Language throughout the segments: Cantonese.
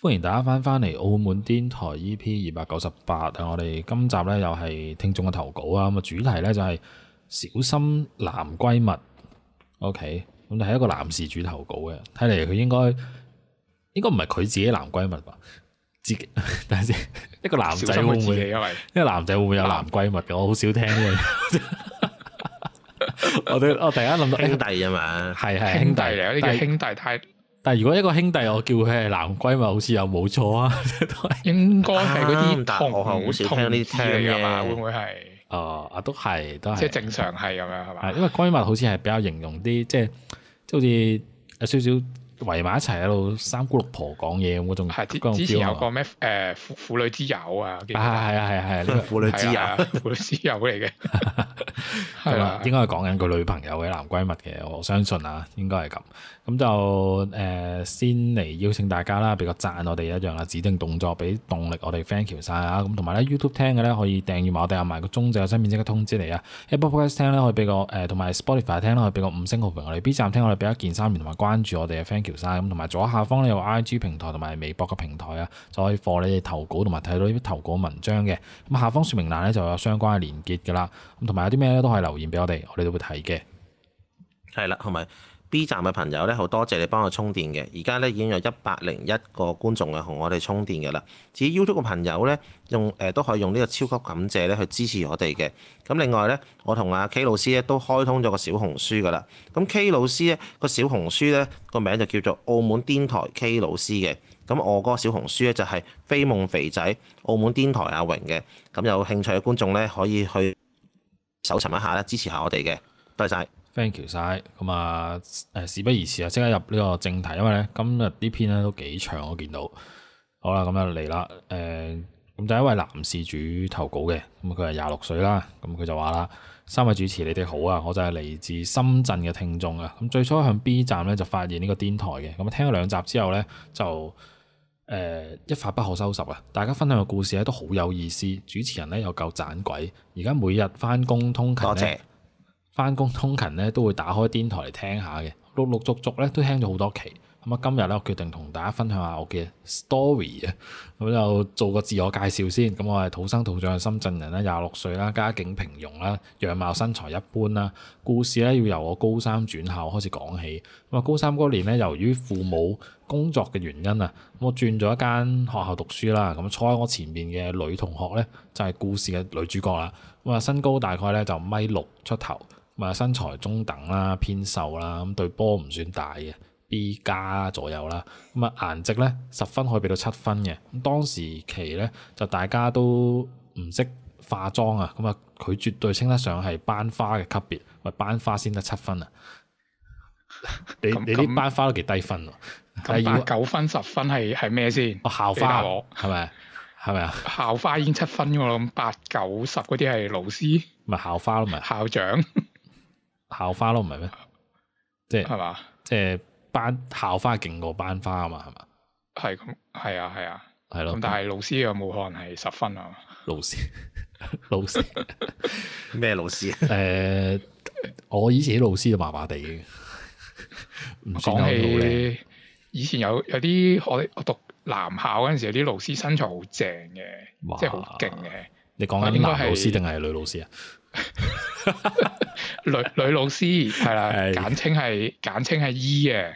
歡迎大家翻翻嚟澳門癲台 EP 二百九十八啊！我哋今集咧又係聽眾嘅投稿啊！咁啊主題咧就係、是、小心男閨蜜。OK，咁你係一個男事主投稿嘅，睇嚟佢應該應該唔係佢自己男閨蜜吧？自己，等下先，一個男仔會唔會？門因為一個男仔會唔會有男閨蜜嘅？男我好少聽呢個。我哋 我突然間諗到兄弟啊嘛，係係兄弟嚟呢個兄弟太。但係如果一個兄弟我叫佢係男閨蜜，好似又冇錯 啊，應該係嗰啲同學好少聽呢啲咁嘅嘢，會唔會係？哦，啊，都係，都係，即係正常係咁樣係嘛、嗯吧？因為閨蜜好似係比較形容啲，即係即係好似有少少。圍埋一齊喺度三姑六婆講嘢咁嗰種，感覺之前有個咩誒、呃、婦，婦女之友啊，係係係係呢個婦、 啊、女之友婦女之友嚟嘅，係啦，應該係講緊佢女朋友嘅男閨蜜嘅，我相信啊，應該係咁。咁就誒、呃、先嚟邀請大家啦，俾個贊我哋一樣啦，指定動作俾動力我哋 Thank you 晒啊。咁同埋咧 YouTube 聽嘅咧可以訂閱埋，我哋有埋個鐘仔有新面先嘅通知你啊。Apple Podcast 聽咧可以俾個誒，同埋 Spotify 聽啦，可以俾個、呃、個五星好評。我哋 B 站聽我哋俾一鍵三連同埋關注我哋嘅 friend 咁，同埋左下方有 I G 平台同埋微博嘅平台啊，就可以放你哋投稿，同埋睇到呢啲投稿文章嘅。咁下方說明欄咧就有相關嘅連結噶啦。咁同埋有啲咩咧都可以留言俾我哋，我哋都會睇嘅。係啦，同埋。B 站嘅朋友咧，好多謝你幫我充電嘅，而家咧已經有一百零一個觀眾啊，同我哋充電嘅啦。至於 YouTube 嘅朋友咧，用誒都可以用呢個超級感謝咧去支持我哋嘅。咁另外咧，我同阿 K 老師咧都開通咗個小紅書噶啦。咁 K 老師咧個小紅書咧個名就叫做澳門癲台 K 老師嘅。咁我個小紅書咧就係飛夢肥仔澳門癲台阿榮嘅。咁有興趣嘅觀眾咧可以去搜尋一下啦，支持下我哋嘅。多謝曬。Thank you 晒，咁啊誒事不宜遲啊，即刻入呢個正題，因為咧今日呢篇咧都幾長，我見到好啦，咁啊嚟啦，誒、呃、咁就一位男事主投稿嘅，咁佢係廿六歲啦，咁佢就話啦：三位主持你哋好啊，我就係嚟自深圳嘅聽眾啊，咁最初向 B 站咧就發現呢個電台嘅，咁聽咗兩集之後咧就誒、呃、一發不可收拾啊！大家分享嘅故事咧都好有意思，主持人咧又夠盞鬼，而家每日翻工通勤謝謝返工通勤咧都會打開電台嚟聽下嘅，陸陸續續咧都聽咗好多期。咁啊，今日咧我決定同大家分享下我嘅 story 啊，咁就做個自我介紹先。咁我係土生土長嘅深圳人啦，廿六歲啦，家境平庸啦，樣貌身材一般啦。故事咧要由我高三轉校開始講起。咁啊，高三嗰年咧，由於父母工作嘅原因啊，我轉咗一間學校讀書啦。咁坐喺我前面嘅女同學咧，就係故事嘅女主角啦。咁啊，身高大概咧就米六出頭。咪身材中等啦，偏瘦啦，咁對波唔算大嘅，B 加左右啦。咁啊顏值咧，十分可以俾到七分嘅。當時期咧，就大家都唔識化妝啊，咁啊佢絕對稱得上係班花嘅級別，咪班花先得七分啊！你那你啲班花都幾低分喎？八九那二分、十分係係咩先？校花係咪？係咪啊？是是是是校花已經七分噶咯，咁八九十嗰啲係老師咪校花咯，咪校長。校花咯，唔係咩？即係係嘛？吧即係班校花勁過班花啊嘛？係嘛？係咁，係啊，係啊，係咯的。但係老師有冇可能係十分啊嘛？老師，老師咩 老師？誒、呃，我以前啲老師都麻麻地嘅。唔講起以前有有啲我我讀男校嗰陣時，有啲老師身材好正嘅，哇即係好勁嘅。你講緊男老師定係女老師啊？ 女女老師係啦，簡稱係簡稱係 E 嘅，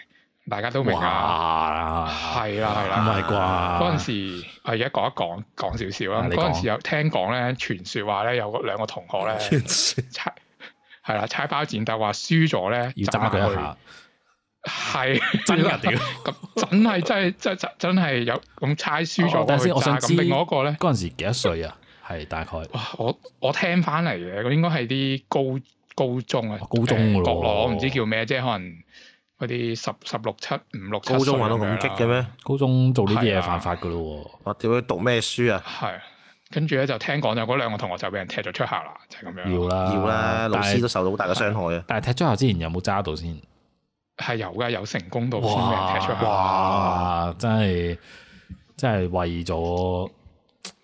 大家都明啊。係啦係啦，唔係啩？嗰陣時，我而家講一講，講少少啦。嗰陣時有聽講咧，傳說話咧有兩個同學咧，係啦，猜包剪，但係話輸咗咧，要揸佢下。係真噶，咁真係真係真真真係有咁猜輸咗。但係先，我想知另一個咧，嗰陣時幾多歲啊？係大概。哇！我我聽翻嚟嘅，佢應該係啲高高中啊，國內我唔知叫咩，即係可能嗰啲十十六七、五六。高中玩到咁激嘅咩？高中做呢啲嘢犯法噶咯？哇！點解讀咩書啊？係，跟住咧就聽講有嗰兩個同學就俾人踢咗出校啦，就咁樣。要啦，要啦，老師都受到好大嘅傷害啊！但係踢出校之前有冇揸到先？係有噶，有成功到先俾人踢出校。哇！真係真係為咗。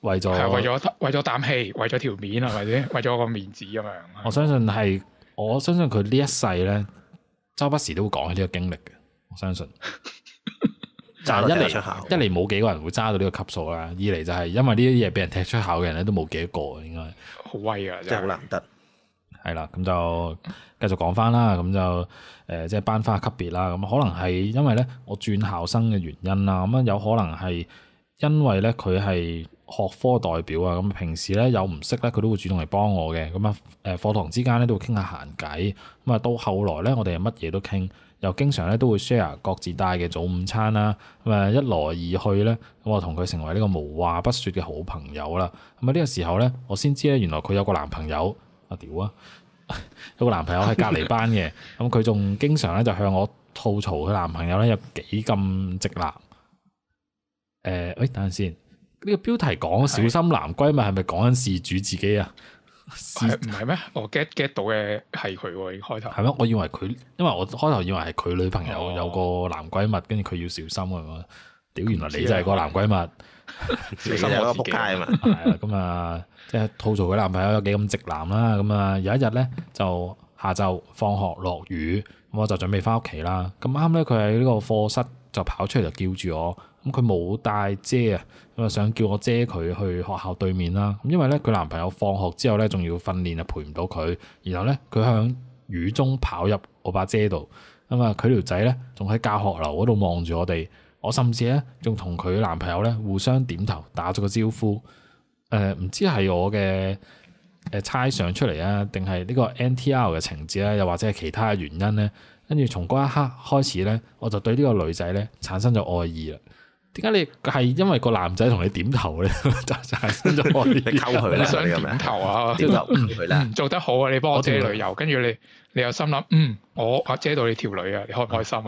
為咗係為咗為咗啖氣，為咗條面係咪先？為咗個面， 面子咁樣。我相信係，我相信佢呢一世咧，周不時都會講起呢個經歷嘅。我相信，但一嚟、一嚟冇幾個人會揸到呢個級數啦，二嚟就係因為呢啲嘢俾人踢出校嘅人咧都冇幾多個，應該，應該。好威啊，真係好難得。係啦，咁就繼續講翻啦。咁、呃、就誒、是，即係班花級別啦。咁可能係因為咧，我轉校生嘅原因啦。咁啊，有可能係因為咧，佢係。學科代表啊，咁平時咧有唔識咧，佢都會主動嚟幫我嘅。咁啊，誒課堂之間咧都會傾下閒偈。咁啊，到後來咧，我哋乜嘢都傾，又經常咧都會 share 各自帶嘅早午餐啦。咁啊，一來二去咧，咁我同佢成為呢個無話不說嘅好朋友啦。咁啊，呢個時候咧，我先知咧，原來佢有個男朋友啊，屌啊！啊 有個男朋友喺隔離班嘅，咁佢仲經常咧就向我吐槽佢男朋友咧有幾咁直男。誒、呃，喂，等陣先。呢個標題講是小心男閨蜜係咪講緊事主自己啊？唔係咩？我 get get 到嘅係佢開頭，係咩？我以為佢，因為我開頭以為係佢女朋友有個男閨蜜，跟住佢要小心啊！屌，哦，原來你就係個男閨蜜，小心有個仆街嘛。係啦，咁啊，即係、就是、吐槽佢男朋友有幾咁直男啦。咁啊，有一日咧就下晝放學落雨，咁我就準備翻屋企啦。咁啱咧，佢喺呢個課室就跑出嚟就叫住我。咁佢冇帶遮啊，咁啊想叫我遮佢去學校對面啦。咁因為咧佢男朋友放學之後咧仲要訓練啊，陪唔到佢。然後咧佢向雨中跑入我把遮度，咁啊佢條仔咧仲喺教學樓嗰度望住我哋。我甚至咧仲同佢男朋友咧互相點頭打咗個招呼。誒、呃、唔知係我嘅誒猜想出嚟啊，定係呢個 NTR 嘅情節咧，又或者係其他嘅原因咧？跟住從嗰一刻開始咧，我就對呢個女仔咧產生咗愛意啦。點解你係因為個男仔同你點頭咧，就 係 你溝佢，你想點頭啊，嗯、做得好啊，你幫我遮旅遊，跟住，你你又心諗，嗯，我阿遮到你條女啊，你開唔開心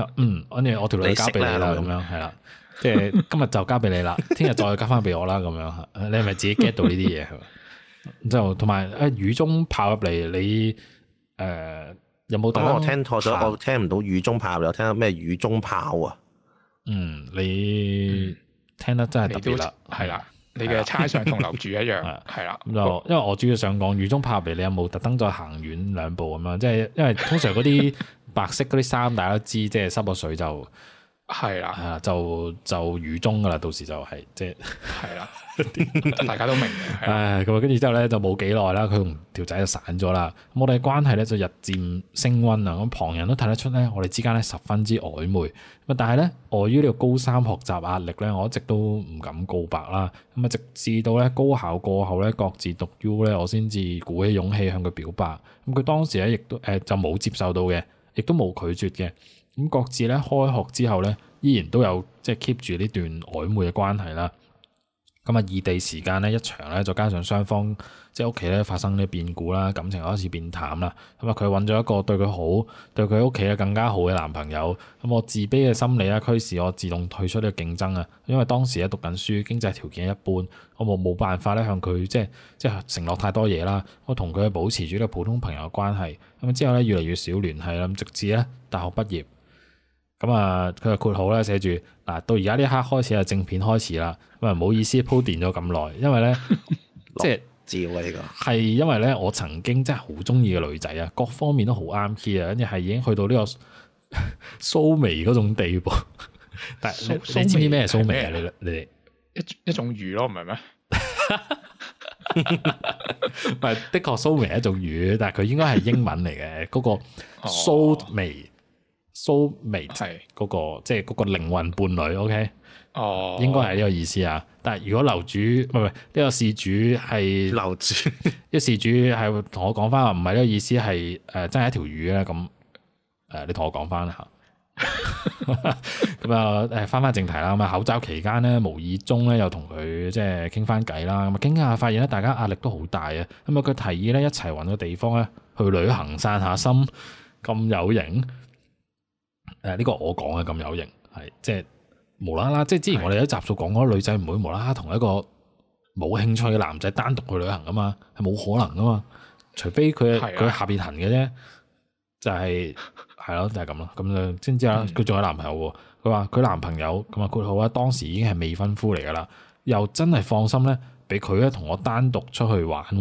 啊？ 嗯，跟住我條女交俾你啦，咁樣係啦，即係、就是、今日就交俾你啦，聽日 再交翻俾我啦，咁樣 你係咪自己 get 到呢啲嘢？之 就同埋啊，雨中炮入嚟，你誒、呃、有冇、哦？我聽錯咗，我聽唔到雨中炮，又聽到咩雨中炮啊？ 嗯，你聽得真係特別啦，係啦，的你嘅猜想同樓主一樣，係啦。咁就，因為我主要想講雨中拍皮，你有冇特登再行遠兩步咁樣？即係因為通常嗰啲白色嗰啲衫，大家都知 即係濕咗水就。係啦，就就雨中噶啦，的的到時就係即係啦，的 大家都明。唉，咁啊，跟住之後咧，就冇幾耐啦，佢同條仔就散咗啦。我哋關係咧就日漸升温啊，咁旁人都睇得出咧，我哋之間咧十分之曖昧。咁但係咧，礙於呢個高三學習壓力咧，我一直都唔敢告白啦。咁啊，直至到咧高考過後咧，各自讀 U 咧，我先至鼓起勇氣向佢表白。咁佢當時咧亦都誒、呃、就冇接受到嘅，亦都冇拒絕嘅。咁各自咧開學之後咧，依然都有即係 keep 住呢段曖昧嘅關係啦。咁啊，異地時間咧一長咧，再加上雙方即係屋企咧發生啲變故啦，感情開始變淡啦。咁啊，佢揾咗一個對佢好、對佢屋企啊更加好嘅男朋友。咁我自卑嘅心理啦，驅使我自動退出呢個競爭啊。因為當時咧讀緊書，經濟條件一般，我冇冇辦法咧向佢即係即係承諾太多嘢啦。我同佢保持住呢個普通朋友嘅關係。咁之後咧越嚟越少聯繫啦，直至咧大學畢業。咁啊，佢話括號咧寫住嗱，到而家呢刻開始啊，正片開始啦。咁啊，唔好意思，鋪墊咗咁耐，因為咧，即係照啊呢個。係因為咧，我曾經真係好中意嘅女仔啊，各方面都好啱 key 啊，跟住係已經去到呢個蘇眉嗰種地步。但蘇你知唔知咩蘇眉啊麼？你你一一種魚咯，唔係咩？唔係 的確蘇眉係一種魚，但係佢應該係英文嚟嘅，嗰 個蘇眉。蘇眉係嗰個即係嗰個靈魂伴侶，OK？哦，oh. 應該係呢個意思啊。但係如果樓主唔係呢個事主係樓主，一事、這個、主係同樓主 我講翻話，唔係呢個意思係誒、呃，真係一條魚咧咁。誒，你同我講翻下。咁啊、 嗯，誒，翻翻正題啦。咁啊，口罩期間咧，無意中咧又同佢即係傾翻偈啦。咁啊，傾下發現咧，大家壓力都好大啊。咁啊，佢提議咧一齊搵個地方咧去旅行散下心，咁有型。誒，呢個我講嘅咁有型，係即係無啦啦，即係之前我哋一集數講嗰個女仔唔會無啦啦同一個冇興趣嘅男仔單獨去旅行噶嘛，係冇可能噶嘛，除非佢佢的下邊行嘅啫，就係係咯，就係咁咯，咁就先知啦。佢仲有男朋友喎，佢話佢男朋友咁啊，佢好啊，當時已經係未婚夫嚟噶啦，又真係放心咧，俾佢咧同我單獨出去玩，咁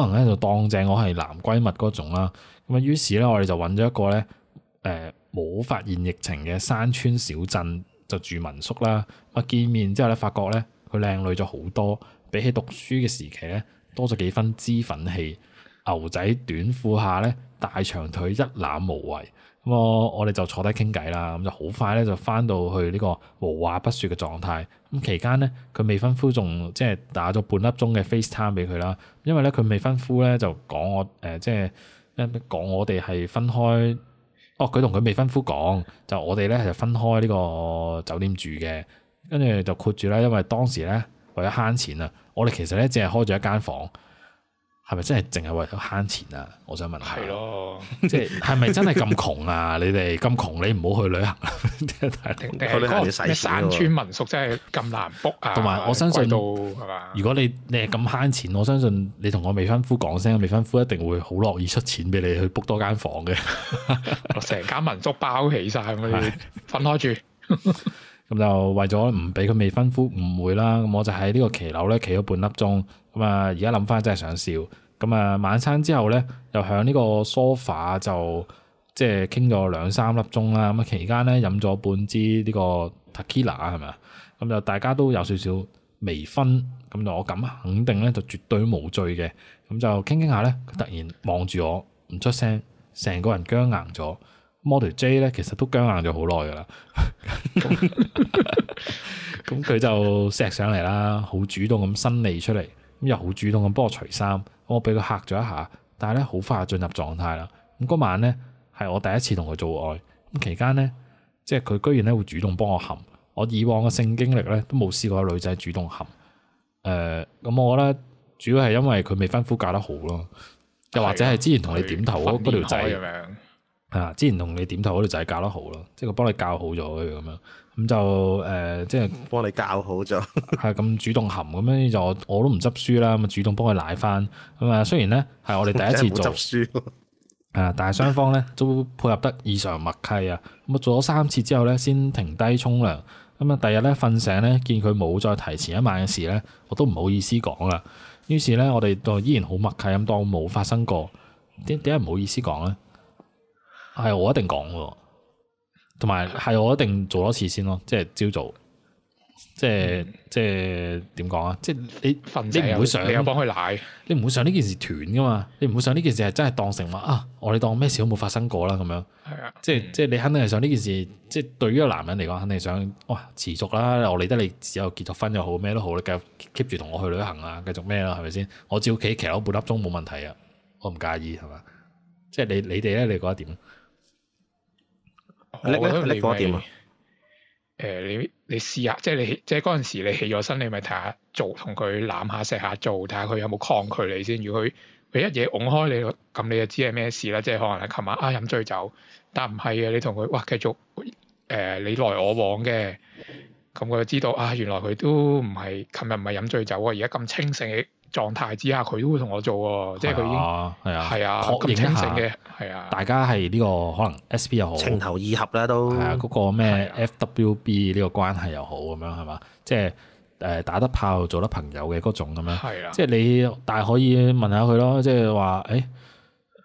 可能咧就當正我係男閨蜜嗰種啦，咁啊於是咧我哋就揾咗一個咧誒。呃冇發現疫情嘅山村小鎮就住民宿啦，啊見面之後咧，發覺咧佢靚女咗好多，比起讀書嘅時期咧多咗幾分脂粉氣，牛仔短褲下咧大長腿一覽無遺。咁我我哋就坐低傾偈啦，咁就好快咧就翻到去呢個無話不說嘅狀態。咁期間咧佢未婚夫仲即係打咗半粒鐘嘅 FaceTime 俾佢啦，因為咧佢未婚夫咧就講我誒即係講我哋係分開。哦，佢同佢未婚夫講，就是，我哋咧就分開呢個酒店住嘅，跟住就括住啦。因為當時咧為咗慳錢啊，我哋其實咧淨係開住一間房。係咪真係淨係為咗慳錢啊？我想問下。係咯的，即係係咪真係咁窮啊？你哋咁窮，你唔好去旅行啊！嗰 是、 嗰個咩山村民宿真係咁難 book 啊！同埋我相信，到如果你你係咁慳錢， 我相信你同我未婚夫講聲，未婚夫一定會好樂意出錢俾你去 book 多間房嘅， 我成間民宿包起晒，我哋分開住。 咁就為咗唔俾佢未婚夫誤會啦，咁我就喺呢個騎樓咧企咗半粒鐘，咁啊而家諗翻真係想笑。咁啊晚餐之後咧，又喺呢個 sofa 就即係傾咗兩三粒鐘啦。咁期間咧飲咗半支呢個 tequila 啊，係咪啊？咁就大家都有少少微醺，咁就我咁肯定咧就絕對無罪嘅。咁就傾傾下咧，佢突然望住我唔出聲，成個人僵硬咗。Model J 咧，其實都僵硬咗好耐噶啦，咁佢就錫上嚟啦，好主動咁伸脷出嚟，咁又好主動咁幫我除衫，我俾佢嚇咗一下，但係咧好快進入狀態啦。咁嗰晚咧係我第一次同佢做愛，咁期間咧即係佢居然咧會主動幫我含，我以往嘅性經歷咧都冇試過女仔主動含，誒、呃，咁我覺得主要係因為佢未婚夫教得好咯，又或者係之前同你點頭嗰嗰條仔啊！之前同你點頭嗰度就係教得好咯，即係佢幫你教好咗佢咁樣，咁就誒，即係幫你教好咗。係 咁主動含咁樣，就我都唔執輸啦，咁啊主動幫佢奶翻。咁啊雖然咧係我哋第一次做，啊， 但係雙方咧都配合得異常默契啊。咁啊做咗三次之後咧，先停低沖涼。咁啊第日咧瞓醒咧，見佢冇再提前一晚嘅事咧，我都唔好意思講啦。於是咧我哋就依然好默契咁當冇發生過。點點解唔好意思講咧？係我一定講喎，同埋係我一定做多次先咯，即係朝早，即係即係點講啊？即係你瞓份子 你唔會想你又幫佢奶，你唔會想呢件事斷㗎嘛？你唔會想呢件事係真係當成話啊，我哋當咩事都冇發生過啦咁樣。係啊的，即係即係你肯定係想呢件事，即係對於一個男人嚟講，肯定想哇持續啦！我理得你以後結咗婚又好，咩都好，你繼續 keep 住同我去旅行啊，繼續咩啊？係咪先？我照企騎咗半粒鐘冇問題啊，我唔介意係嘛？即係你你哋咧，你覺得點？我覺得你咪誒、啊呃，你你試下，即係你即係嗰陣時你起咗身，你咪睇下做，同佢攬下錫下做，睇下佢有冇抗拒你先。如果佢一嘢拱開你，咁你就知係咩事啦。即係可能係琴晚啊飲醉酒，但唔係啊，你同佢哇繼續誒、呃、你來我往嘅，咁佢就知道啊，原來佢都唔係琴日唔係飲醉酒啊，而家咁清醒嘅狀態之下，佢都會同我做喎，即係佢已經係啊，係啊，啊確認清醒嘅啊，係啊，大家係呢、這個可能 S b 又好情投意合咧，啊都啊嗰、那個咩 F W B 呢個關係又好咁樣係嘛，即係誒、呃、打得炮做得朋友嘅嗰種咁樣，係啊，即係你大可以問下佢咯，即係話誒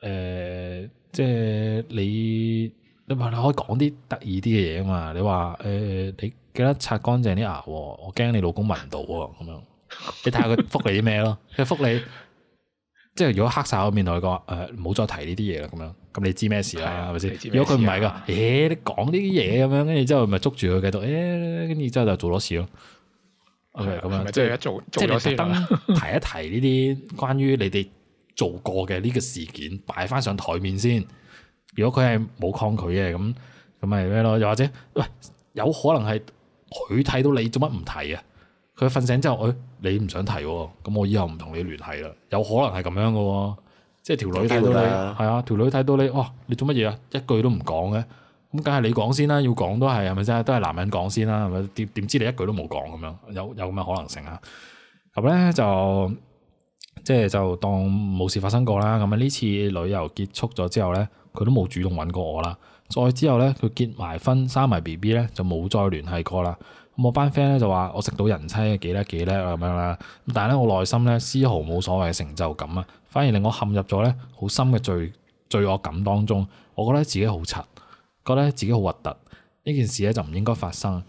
誒，即係你你朋友可以講啲得意啲嘅嘢啊嘛，你話誒、呃、你記得擦乾淨啲牙喎，我驚你老公聞唔到啊咁樣。 你睇下佢覆你啲咩咯？佢覆你。即係如果黑晒我面來個誒，唔好、呃、再提呢啲嘢啦，咁樣咁你知咩事啦？係咪先？如果佢唔係噶，誒、欸，你講呢啲嘢咁樣，跟住之後咪捉住佢繼續，誒、欸，跟住之後就做咗事咯。咁的樣的即係是做做咗啲，提一提呢啲關於你哋做過嘅呢個事件，擺翻 上台面先。如果佢係冇抗拒嘅，咁咁咪咩咯？又或者喂，有可能係佢睇到你做乜唔提啊？佢瞓醒之後，誒、哎，你唔想提，咁我以後唔同你聯繫啦。有可能係咁樣嘅，即係條女睇到你，係啊，條 女睇到你，哇，你做乜嘢啊？一句都唔講嘅，咁梗係你講先啦。要講都係係咪真係？都係男人講先啦，係咪？點點知你一句都冇講咁樣？有有咁嘅可能性啊？咁咧就即係就當冇事發生過啦。咁啊呢次旅遊結束咗之後咧，佢都冇主動搵過我啦。再之後咧，佢結埋婚生埋 B B 咧，就冇再聯繫過啦。我班 friend 咧就話我食到人妻幾叻幾叻咁樣啦，咁但係咧我內心咧絲毫冇所謂嘅成就感啊，反而令我陷入咗咧好深嘅罪罪惡感當中。我覺得自己好柒，覺得自己好核突，呢件事咧就唔應該發生。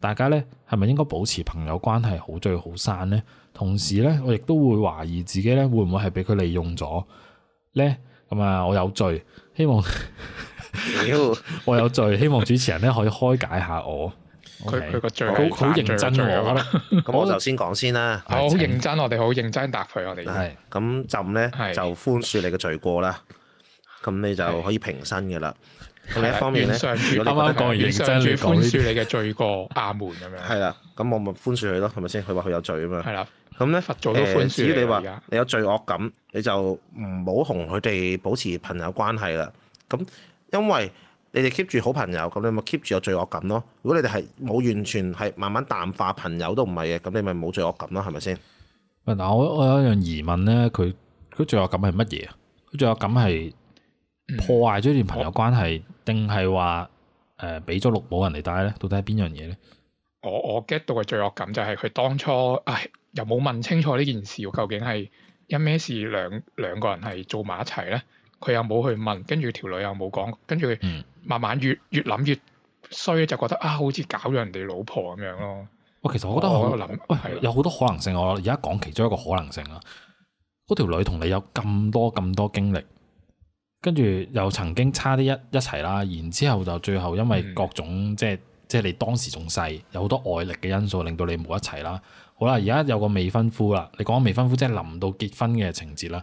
大家咧係咪應該保持朋友關係好聚好散咧？同時咧我亦都會懷疑自己咧會唔會係俾佢利用咗咧？咁啊我有罪，希望 我有罪，希望主持人咧可以開解下我。佢佢個罪好好認真喎，我覺，咁我就先講先啦。好認真，我哋好認真答佢，我哋。係。咁朕咧就寬恕你嘅罪過啦，咁你就可以平身嘅啦。咁另一方面咧，啱啱講完認真，住寬恕你嘅罪過，阿門咁樣。係啦。咁我咪寬恕佢咯，係咪先？佢話佢有罪啊嘛。係啦。咁咧，佛祖都寬恕。至你話你有罪惡感，你就唔好同佢哋保持朋友關係啦。咁因為。你哋 keep 住好朋友，咁你咪 keep 住有罪惡感咯。如果你哋係冇完全係慢慢淡化朋友都唔係嘅，咁你咪冇罪惡感咯，係咪先？嗱，我我有一樣疑問咧，佢佢罪惡感係乜嘢啊？罪惡感係破壞咗段朋友關係，定係話誒俾咗綠帽人嚟帶咧？到底係邊樣嘢咧？我我 get 到嘅罪惡感就係佢當初唉，又冇問清楚呢件事，究竟係因咩事兩兩個人係做埋一齊咧？佢又冇去問，跟住條女又冇講，跟住慢慢越越諗越衰，就覺得啊，好似搞咗人哋老婆咁樣咯。我其實我覺得我諗，哎、的有好多可能性。我而家講其中一個可能性啦。嗰條女同你有咁多咁多經歷，跟住又曾經差啲一一齊啦，然之後就最後因為各種、嗯、即係即係你當時仲細，有好多外力嘅因素令到你冇一齊啦。好啦，而家有個未婚夫啦，你講未婚夫即係臨到結婚嘅情節啦。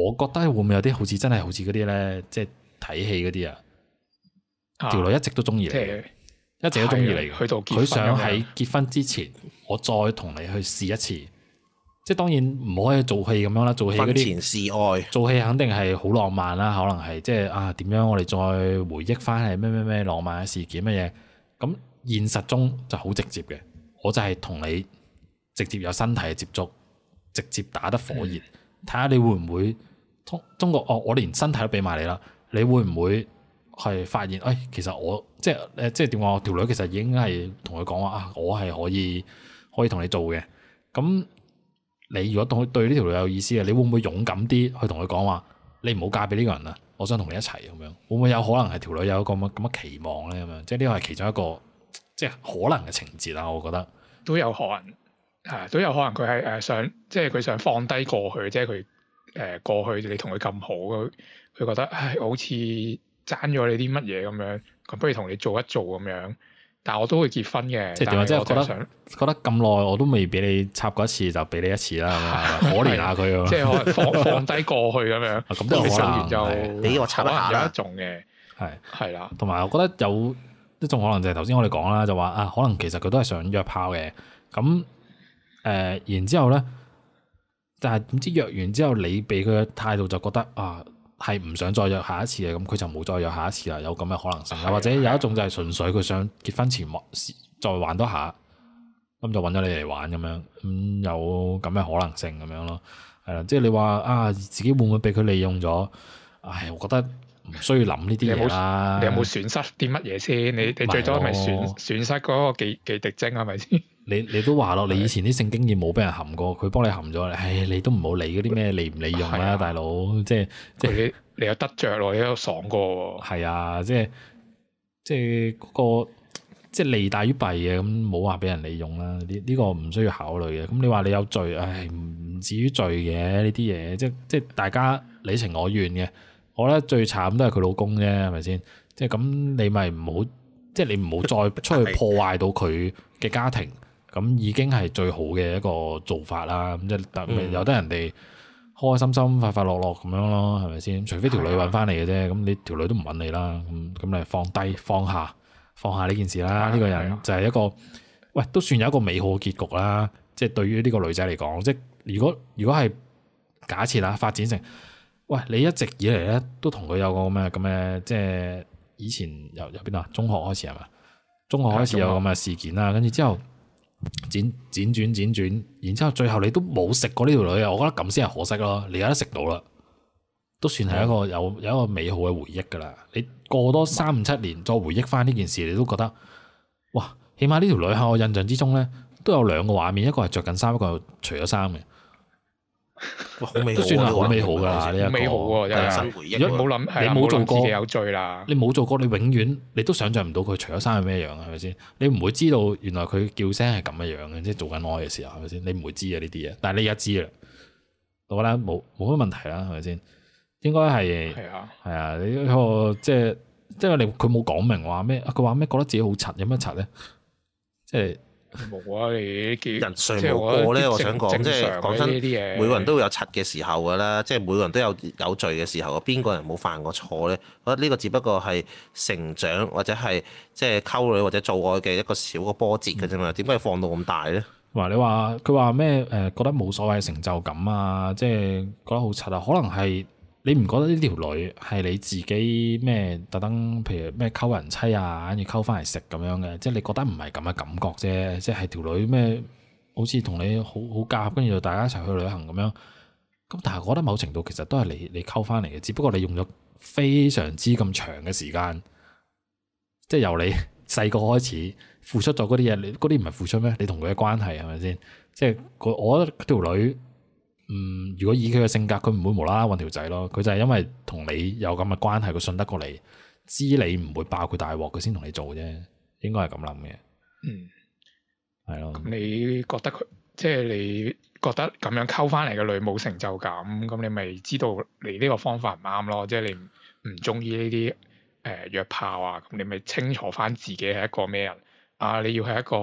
我覺得會唔會有啲好似真係好似嗰啲咧？即係睇戲嗰啲啊，條女一直都中意你，啊、一直都中意你。佢想喺結婚之前，麼我再同你去試一次。即係當然唔可以做戲咁樣啦，做戲啲。前試愛，做戲肯定係好浪漫啦，可能係即係啊，點樣我哋再回憶翻係咩咩咩浪漫嘅事件乜嘢？咁現實中就好直接嘅，我就係同你直接有身體嘅接觸，直接打得火熱，睇下、嗯、你會唔會？中國哦，我連身體都俾埋你啦，你會唔會係發現？誒、哎，其實我即係誒，即係點講？條女其實已經係同佢講話啊，我係可以可以同你做嘅。咁你如果對對呢條女有意思嘅，你會唔會勇敢啲去同佢講話？你唔好嫁俾呢個人啊！我想同你一齊。咁樣，會唔會有可能係條女有一個咁嘅期望咧？咁樣即係呢個係其中一個即係可能嘅情節啊！我覺得都有可能，吓、啊、都有可能佢係誒想即係佢想放低過去，即係佢。誒過去你同佢咁好，佢覺得唉，我好似爭咗你啲乜嘢咁樣，咁不如同你做一做咁樣。但我都會結婚嘅。即點啊？即係我覺得覺得咁耐，我都未俾你插過一次，就俾你一次啦，可憐下佢。即係放放低過去咁樣。咁都可能。就俾我插下有一種嘅。係係啦。同埋我覺得有一種可能就係頭先我哋講啦，就話啊，可能其實佢都係想約炮嘅。咁誒，然之後咧。但係點知約完之後，你俾佢嘅態度就覺得啊，係唔想再約下一次嘅，咁佢就冇再約下一次啦。有咁嘅可能性啦，的或者有一種就係純粹佢想結婚前再玩多下，咁就揾咗你嚟玩咁樣，咁，嗯，有咁嘅可能性咁樣咯。係啦，即係你話啊，自己會唔會俾佢利用咗？唉，我覺得唔需要諗呢啲嘢啦。你有冇損失啲乜嘢先？你你最多咪損損失嗰個幾幾滴精係咪先？是 你你都話咯，你以前啲性經驗冇俾人含過，佢的幫你含咗你都唔好理嗰啲咩利唔利用啦、啊，的大佬，即係即係你有得著、啊、你有爽過喎。係啊，即係即係嗰、那個即係利大於弊啊，咁冇話俾人利用啦。呢、這、呢個唔需要考慮嘅。咁你話你有罪，唉，唔至於罪嘅呢啲嘢，即即係大家你情我願嘅。我覺得最慘都係佢老公啫，係咪先？即係咁你咪唔好，即係你唔好再出去破壞到佢嘅家庭。咁已經係最好嘅一個做法啦，咁即係特由得人哋開開心心、快快樂樂咁樣咯，係咪先？除非條女搵返的你嘅啫，咁你條女都唔搵你啦，咁咁咧放低、放下、放下呢件事啦，呢個人就係一個，喂，都算有一個美好嘅結局啦。即係對於呢個女仔嚟講，即係如果如果係假設啦，發展成，喂，你一直以嚟咧都同佢有個咁嘅咁嘅，即係以前由由邊啊？中學開始係嘛？中學開始有咁嘅事件啦，跟住之後。剪剪轉剪轉，然之後最後你都冇食過呢條女，我覺得咁先係可惜咯。你而家都食到啦，都算係一個有有一個美好嘅回憶噶啦。你過多三五七年再回憶翻呢件事，你都覺得哇，起碼呢條女喺我印象之中咧，都有兩個畫面，一個係着緊衫，一個除咗衫嘅。 都算係好美好噶啦，呢一、嗯這個如果冇諗，你冇做過，有罪啦。你冇做過，你永遠你都想象唔到佢除咗生係咩樣，係咪先？你唔會知道原來佢叫聲係咁嘅樣嘅，即係做緊愛嘅時候，係咪先？你唔會知啊呢啲嘢，但係你一知啦，我覺得冇冇乜問題啦，係咪先？應該係係啊，係啊，呢個即係即係你佢冇講明話咩，佢話咩覺得自己好柒，有咩柒咧，即係。冇啊！你人誰無過呢？是我想講，正即係是講、啊、真呢啲嘢，每個人都會有柒嘅時候㗎啦，即係每個人都有有罪嘅時候啊！邊個人冇犯過錯呢？我覺得呢個只不過係成長或者係即係溝女或者做愛嘅一個小嘅波折嘅啫嘛。點解、嗯、放到咁大呢？話你話佢話咩？誒、呃、覺得冇所謂成就感啊，即係覺得好柒啊，可能係。你唔覺得呢條女係你自己咩特登？譬如咩溝人妻啊，跟住溝翻嚟食咁樣嘅，即係你覺得唔係咁嘅感覺啫，即係條女咩好似同你好好夾，跟住就大家一齊去旅行咁樣。咁但係我覺得某程度其實都係你你溝翻嚟嘅，只不過你用咗非常之咁長嘅時間，即係由你細個開始付出咗嗰啲嘢，你嗰啲唔係付出咩？你同佢嘅關係係咪先？即係我覺得條女。嗯，如果以佢嘅性格，佢唔會無啦啦搵條仔咯，佢就係因為同你有咁嘅關係，佢信得過你，知你唔會爆佢大鑊，佢先同你做啫，應該係咁諗嘅。嗯，係咯。咁你覺得佢，即係你覺得咁樣溝翻嚟嘅女冇成就感，咁你咪知道你呢個方法唔啱咯，即係你唔中意呢啲誒約炮啊，咁你咪清楚翻自己係一個咩人啊？你要係一個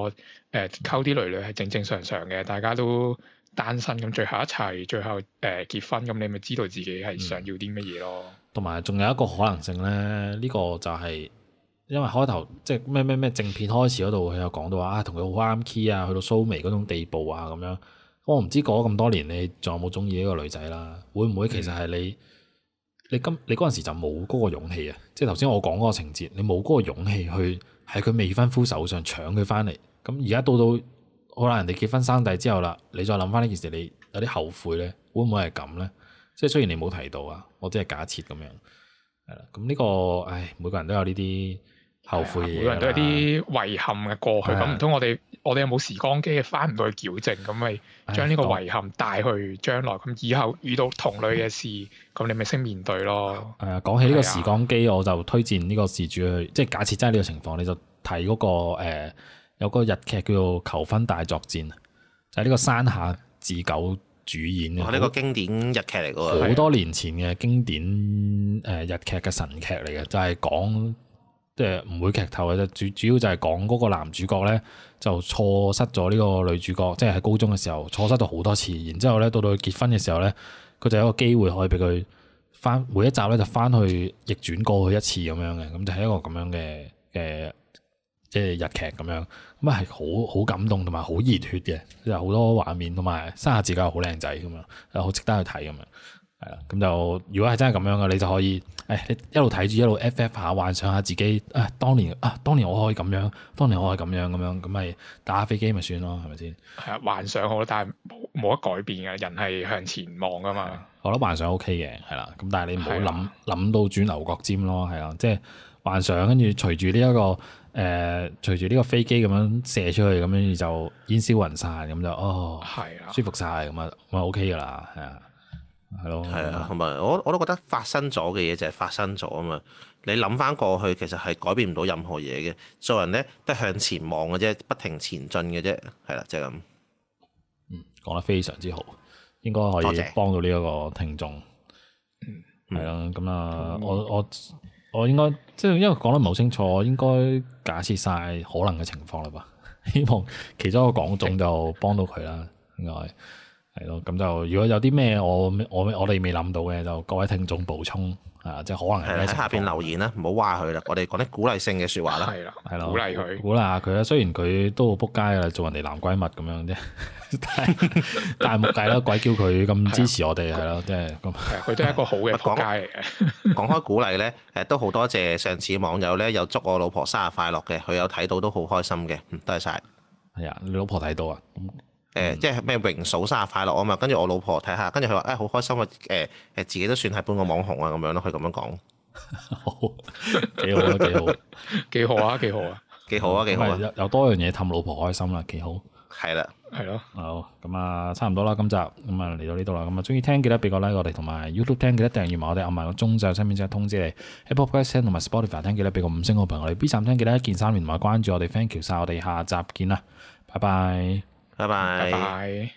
誒溝啲女女係正正常常嘅，大家都。單身咁，最後一齊，最後誒、呃、結婚咁，你咪知道自己係想要啲乜嘢咯？同埋仲有一個可能性咧，呢、這個就係因為開頭即係咩咩咩正片開始嗰度佢有講到話啊，同佢好啱 key 啊，去到蘇眉嗰種地步啊咁樣。我唔知過咗咁多年，你仲有冇中意呢個女仔啦？會唔會其實係你、嗯、你今你嗰陣時就冇嗰個勇氣啊？即係頭先我講嗰個情節，你冇嗰個勇氣去喺佢未婚夫手上搶佢翻嚟。咁而家到到。好啦，人哋結婚生仔之後啦，你再諗翻呢件事，你有啲後悔咧，會唔會係咁咧？即係雖然你冇提到啊，我只係假設咁樣，係啦。咁呢個，唉，每個人都有呢啲後悔嘅嘢，每個人都有啲遺憾嘅過去。咁唔通我哋，我哋有冇時光機翻唔到去矯正，咁咪將呢個遺憾帶去將來？咁以後遇到同類嘅事，咁的你咪識面對咯。誒，講起呢個時光機，我就推薦呢個事主去，即係假設真係呢個情況，你就睇嗰、那個、呃有個日劇叫做《求婚大作戰》，就係呢個山下智久主演嘅。哦，呢個經典日劇嚟嘅，好多年前嘅經典誒日劇嘅神劇嚟嘅，就係講即係唔會劇透嘅，就主主要就係講嗰個男主角咧就錯失咗呢個女主角，即係喺高中嘅時候錯失咗好多次，然之後咧到到結婚嘅時候咧，佢就有一個機會可以俾佢翻每一集咧就翻去逆轉過去一次咁樣嘅，咁就係一個咁樣嘅誒。即係日劇咁樣，咁啊係好好感動同埋好熱血嘅，又好多畫面同埋三下字哥好靚仔咁樣，好值得去睇咁樣，係啦。咁就如果係真係咁樣嘅，你就可以，誒、哎，一路睇住一路 FF 下，幻想下自己，誒、哎，當年啊，當年我可以咁樣，當年我可以咁樣咁樣，咁咪打下飛機咪算咯，係咪先？係啊，幻想好，但係冇冇得改變嘅，人係向前望噶嘛。我諗幻想 OK 嘅，係啦，咁但係你唔好諗諗到轉牛角尖咯，係啊，即係幻想，跟住隨住呢一個。誒，隨住呢個飛機咁樣射出去，咁樣就煙消雲散，咁就哦，係啊、舒服晒，咁、OK、啊，咪 OK 噶啦，係啊，係咯，係啊，同埋我我都覺得發生咗嘅嘢就係發生咗啊嘛，你諗翻過去其實係改變唔到任何嘢嘅，做人咧都向前望嘅啫，不停前進嘅啫，係啦、啊，就係、係、咁。嗯，講得非常之好，應該可以幫到呢一個聽眾。嗯，係啦、嗯，咁啊、嗯，我我、嗯。我應該即係因為講得唔係好清楚，應該假設晒可能嘅情況啦。希望其中一個講中就幫到佢啦，唔該。係咯，咁就如果有啲咩我我我哋未諗到嘅，就各位聽眾補充啊，即係可能喺下邊留言啦，唔好話佢啦，我哋講啲鼓勵性嘅說話啦，係啦，鼓勵佢，鼓勵下佢啦。雖然佢都好扑街噶啦，做人哋男閨蜜咁樣啫，但係冇計啦，鬼 叫佢咁支持我哋係啦，即係的。係啊，佢都係一個好嘅扑街嚟嘅。講說 開鼓勵咧，誒，都好多謝上次網友咧，有祝我老婆生日快樂嘅，佢有睇到都好開心嘅，多謝晒。係啊，你老婆睇到啊。誒，嗯、即係咩榮嫂生日快樂啊嘛！跟住我老婆睇下，跟住佢話誒好開心啊。誒誒，自己都算係半個網紅啊，咁樣咯。佢咁樣講，好幾好幾好幾好啊，幾好啊，嗯、幾好啊，幾好啊，有多樣嘢氹老婆開心啦，幾好係啦，係咯，好咁啊，差唔多啦。今集咁啊嚟到呢度啦。咁啊，中意聽記得俾個 like 我哋，同埋 YouTube 聽記得訂閲埋我哋，我埋個鐘上面就側邊即係通知你 Apple Podcast 同埋 Spotify 聽記得俾個五星我朋友哋 B 站聽記得一件三連同埋關注我哋 Thank you，晒我哋下集見啦，拜拜。拜拜。